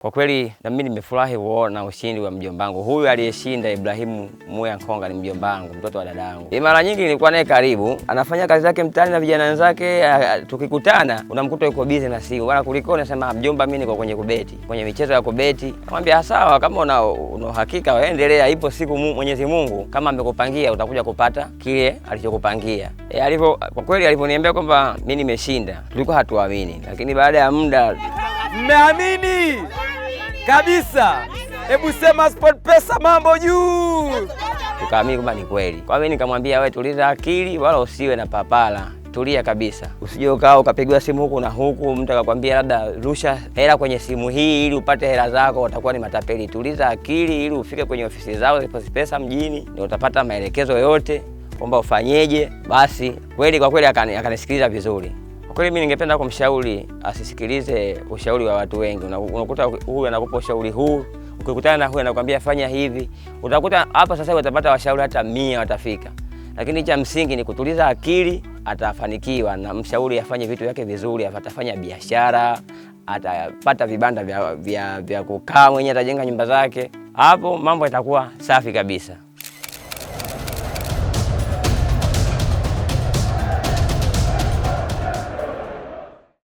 Kwa kweli na mimi nimefurahi kuona ushindi wa mjomba wangu huyu aliyeshinda. Ibrahimu Muya Nkonga ni mjomba wangu, mtoto wa dada yangu. Mara nyingi nilikuwa naye karibu, anafanya kazi zake mtaani na vijana wenzake. Tukikutana unamkuta yuko busy na simu bwana, kuliko nasema ah, mjomba, mimi niko kwenye kubeti, kwenye michezo ya kubeti. Namwambia ah, sawa, kama una uhakika waendelea, ipo siku Mwenyezi Mungu kama amekupangia utakuja kupata kile alichokupangia. E, alivyo kwa kweli alivyoniambia kwamba mimi nimeshinda, tulikuwa hatuamini, lakini baada ya muda mmeamini kabisa. Hebu sema Pesa mambo juu. Tukaamini kwamba ni kweli. Kwa mimi nikamwambia wewe, tuliza akili wala usiwe na papala, tulia kabisa, usije ukao ukapigwa simu huku na huku, mtu akakwambia labda rusha hela kwenye simu hii ili upate hela zako, watakuwa ni matapeli. Tuliza akili ili ufike kwenye ofisi zao za Pesa mjini, ndio utapata maelekezo yote kwamba ufanyeje. Basi kweli, kwa kweli akanisikiliza vizuri. Kweli mimi ningependa kumshauri asisikilize ushauri wa watu wengi. Unakuta huyu anakupa ushauri huu, ukikutana na huyu anakuambia fanya hivi, utakuta hapa sasa watapata washauri hata mia watafika, lakini cha msingi ni kutuliza akili, atafanikiwa na mshauri afanye vitu vyake vizuri, atafanya biashara, atapata vibanda vya, vya, vya kukaa mwenyewe, atajenga nyumba zake, hapo mambo yatakuwa safi kabisa.